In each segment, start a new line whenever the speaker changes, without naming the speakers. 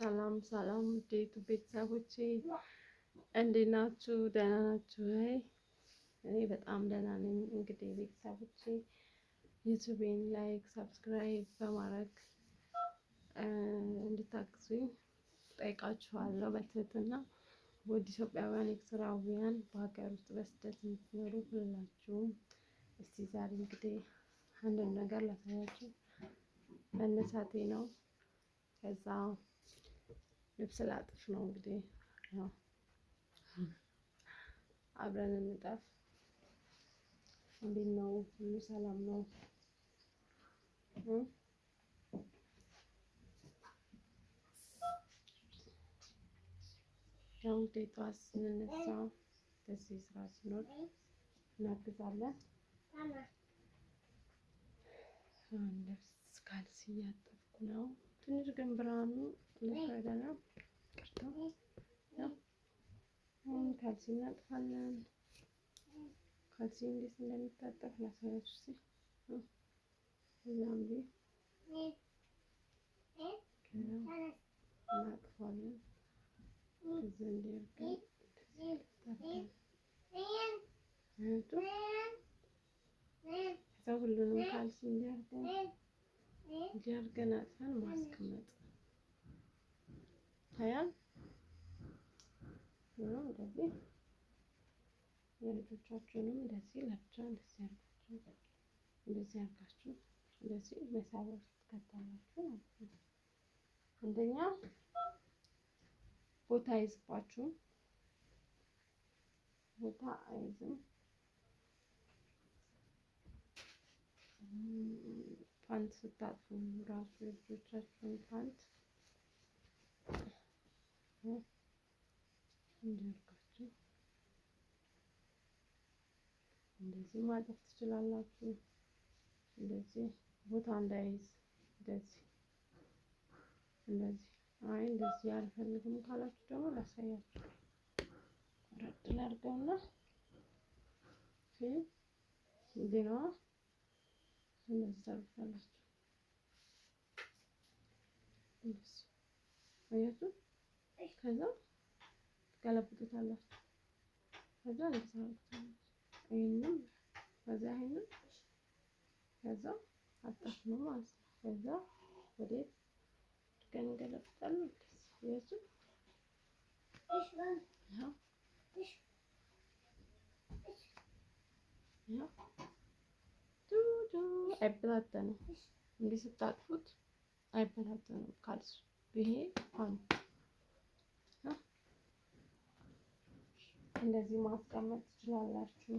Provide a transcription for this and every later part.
ሰላም ሰላም ውዴቱ ቤተሰቦቼ እንዴት ናችሁ? ደህና ናችሁ ወይ? እኔ በጣም ደህና ነኝ። እንግዲህ ቤተሰቦቼ ዩቱቤን ላይክ፣ ሰብስክራይብ በማድረግ እንድታግዙኝ ጠይቃችኋለሁ በትህትና። ውድ ኢትዮጵያውያን ኤርትራውያን፣ በሀገር ውስጥ በስደት የምትኖሩ ሁላችሁም እስቲ ዛሬ እንግዲህ አንድን ነገር ላሳያችሁ መነሳቴ ነው ከዛ ልብስ ላጥፍ ነው እንግዲህ አብረን እንጠፍ። እንዴት ነው? ሁሉ ሰላም ነው? ያው እንግዲህ ጠዋት ስንነሳ በዚህ ስራ ሲኖር እናግዛለን። ልብስ ካልሲ እያጠብኩ ነው። ትንሽ ግን ብርሃኑ ለፈደ ነው። ቅርታ አሁን ካልሲ እናጥፋለን። ካልሲ እንዴት እንደሚታጠፍ ላሳያችሁ ሲል እዛም እናጥፋለን። እዚ እንዲያርገን ከዛ ሁሉንም ካልሲ እንዲያርገን አድርገን አጥፈን ማስቀመጥ ታያል። ይኸው እንደዚህ የልጆቻችሁንም እንደዚህ ለብቻ እንደዚህ አድርጋችሁ እንደዚህ አድርጋችሁ እንደዚህ መሳቢያ ውስጥ ማለት ነው። አንደኛ ቦታ አይዝባችሁ ቦታ አይዝም። ፓንት ስታጥፉ ራሱ የልጆቻችሁን ፓንት እንዲያርጋችሁ እንደዚህ ማጠፍ ትችላላችሁ። እንደዚህ ቦታ እንዳይዝ እንደዚህ እንደዚህ አይ እንደዚህ አልፈልግም ካላችሁ ደግሞ ላሳያችሁ። ረድ ላድርገውና ፊልም እንደዚህ ታደርጋላችሁ። አያችሁ፣ ከዛ ትገለብጡታላችሁ። ከዛ እንደዚህ ታደርጉታላችሁ። ከዛ ይሄንን ከዛ አጣፍ ነው ማለት ነው። ከዛ ወዴት ድጋሚ እንገለብጣለን። አያችሁ ይሄው ይሄው አይበታተንም። እንዲህ ስታጥፉት አይበታተንም ካልሱ ይሄ ፋን እንደዚህ ማስቀመጥ ትችላላችሁ።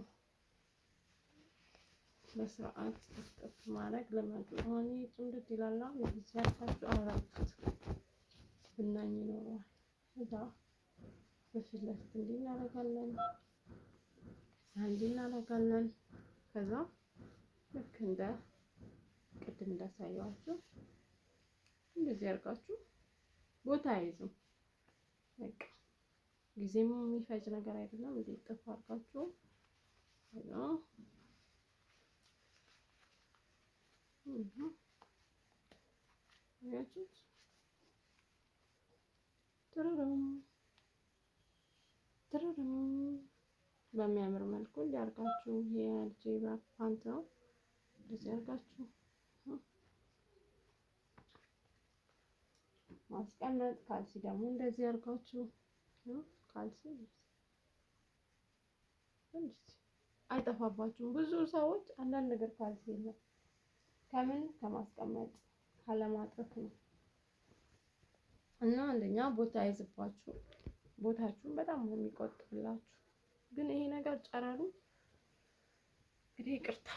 በስርዓት ጥፍጥፍ ማድረግ ልመዱ። አሁን ጭምድት ይላላ ሲያርሳችሁ አውራጡት ብናኝ ይኖረዋል። እዛ በፊት ለፊት እንዲህ እናደርጋለን፣ እንዲህ እናደርጋለን ከዛ ልክ እንደ ቅድም እንዳሳየዋችሁ እንደዚህ አድርጋችሁ ቦታ አይዝም። በቃ ጊዜም የሚፈጅ ነገር አይደለም። እንደዚህ ጥፍ አድርጋችሁ በሚያምር መልኩ እንዲያርጋችሁ ይሄ ፓንት ነው። እንደዚህ አድርጋችሁ ማስቀመጥ። ካልሲ ደግሞ እንደዚህ አድርጋችሁ ካልሲ አይጠፋባችሁም። ብዙ ሰዎች አንዳንድ ነገር ካልሲ የለም ከምን ከማስቀመጥ ካለማጥፍ ነው እና አንደኛ ቦታ አይዝባችሁ፣ ቦታችሁን በጣም ነው የሚቆጥብላችሁ። ግን ይሄ ነገር ጨረሩ እንግዲህ ይቅርታ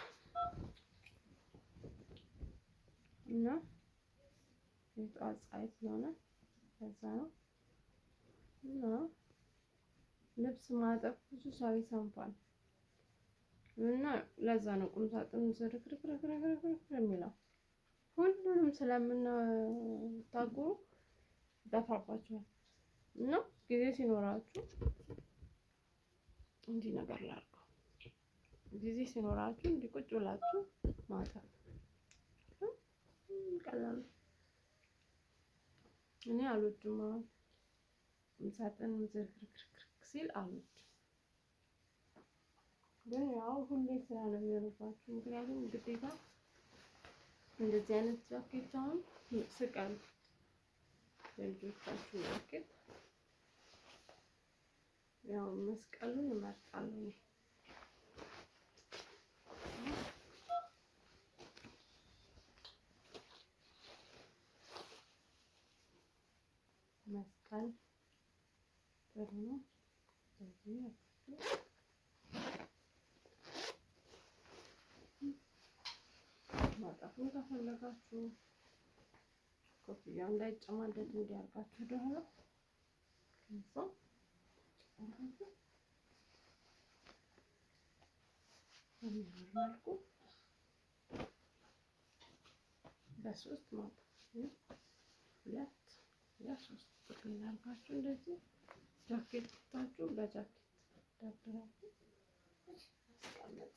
እና የጠዋት ፀሐይ ስለሆነ ከዛ ነው። እና ልብስ ማጠብ ብዙ ሰው ይሰንፋል እና ለዛ ነው ቁም ሳጥን ዝርክርክርክርክርክር የሚለው ሁሉንም ስለምናታጉሩ ይጠፋባቸዋል እና ጊዜ ሲኖራችሁ እንዲህ ነገር ላድርገው ጊዜ ሲኖራችሁ እንዲህ ቁጭ ብላችሁ ማጠብ ቀላል ነው። እኔ አልወድም። አሁን ሳጥን ዝርክርክርክ ሲል አልወድም። ግን ያው ሁሌ ስራ ነው የሚሆንባቸው። ምክንያቱም ግዴታ እንደዚህ አይነት ጃኬት አሁን ስቃል ለልጆቻችሁ ያክል ያው መስቀሉን እመርጣለሁ። ይጣፍጣል። ጥሩ ነው። ስለዚህ ማጣፉን ከፈለጋችሁ ኮፍያው እንዳይጨማደድ እንዲያርጋችሁ ደግሞ ከዛ በሚያምር በሶስት ማጣፍ አድርጋችሁ እንደዚህ ጃኬት ታችሁ በጃኬት ደርድራችሁ ማስቀመጥ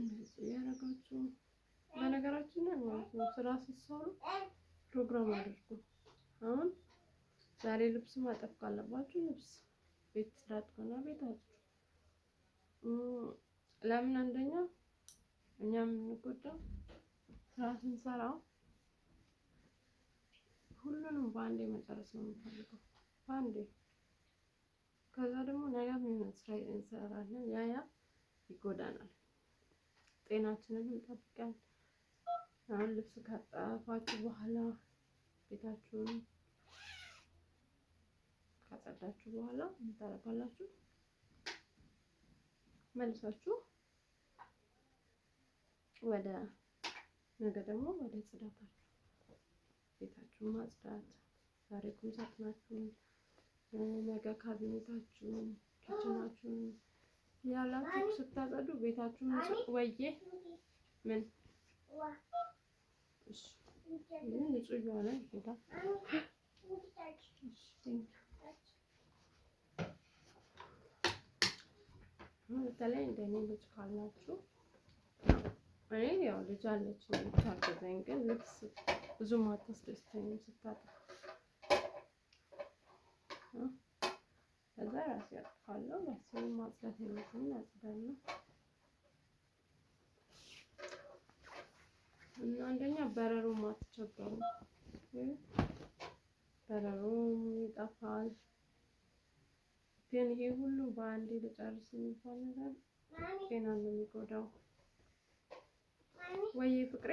እንደዚህ ያደረጋችሁ በነገራችን ላይ ማለት ነው ስራ ሲሰሩ ፕሮግራም አድርጉ አሁን ዛሬ ልብስ ማጠፍ ካለባችሁ ልብስ፣ ቤት ጽዳት ከሆነ ቤት አጽዱ። ለምን አንደኛ እኛ የምንጎዳው ስራ ስንሰራ ሁሉንም በአንዴ መጨረስ ነው የምንፈልገው፣ በአንዴ ከዛ ደግሞ ነገ ምን ስራ እንሰራለን፣ ያ ያ ይጎዳናል፣ ጤናችንን እንጠብቃለን። አሁን ልብስ ካጠፋችሁ በኋላ ቤታችሁን ካጸዳችሁ በኋላ ታረጋላችሁ። መልሳችሁ ወደ ነገ ደግሞ ወደ ጽዳታችሁ ቤታችሁን ማጽዳት ዛሬ ቁም ነገ ካቢኔታችሁን ኪችናችሁን ያላችሁ ስታጸዱ ቤታችሁን ወዬ ምን እሺ፣ ንጹህ የሆነ ይሄዳል። በተለይ እንደኔ ልጅ ካላችሁ እኔ ያው ልጅ አለች የምታገዘኝ፣ ግን ልብስ ብዙም አታስደስተኝም ስታጥብ። ከዛ ራሴ ያጥፋለሁ። ራሴ ማጽዳት ያለብኝን አጽዳለሁ። እና አንደኛ በረሮ አትቸገሩም፣ በረሮም ይጠፋል። ግን ይሄ ሁሉ በአንዴ ልጨርስ የሚባል ነገር ጤናን ነው የሚጎዳው። ወይዬ ፍቅሬ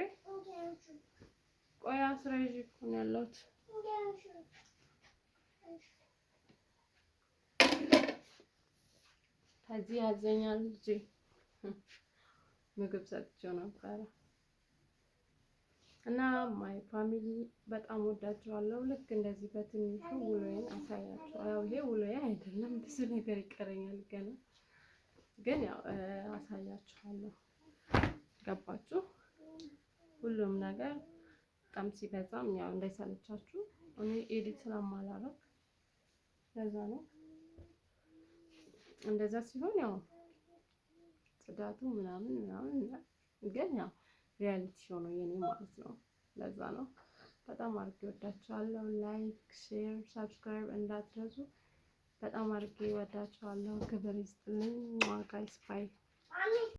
ቆይ አስራ ይዤ እኮ ነው ያለሁት። ከዚህ ያዘኛል ልጄ ምግብ ሰጥቼው ነበረ። እና ማይ ፋሚሊ በጣም ወዳቸዋለሁ። ልክ እንደዚህ በትንሹ ውሎዬን አሳያችኋለሁ። ያው ይሄ ውሎዬ አይደለም፣ ብዙ ነገር ይቀረኛል ገና ግን ያው አሳያቸዋለሁ። ገባችሁ? ሁሉም ነገር በጣም ሲበዛም ያው እንዳይሰለቻችሁ እኔ ኤዲት ስለማላረግ ለዛ ነው። እንደዛ ሲሆን ያው ጽዳቱ ምናምን ምናምን ግን ያው ሪያሊቲ ሾው ነው የኔ ማለት ነው። ለዛ ነው በጣም አድርጌ ወዳቸዋለሁ። ላይክ፣ ሼር፣ ሰብስክራይብ እንዳትረሱ። በጣም አድርጌ ወዳቸዋለሁ። ክብር ይስጥልኝ። ዋጋ ይስፋይ።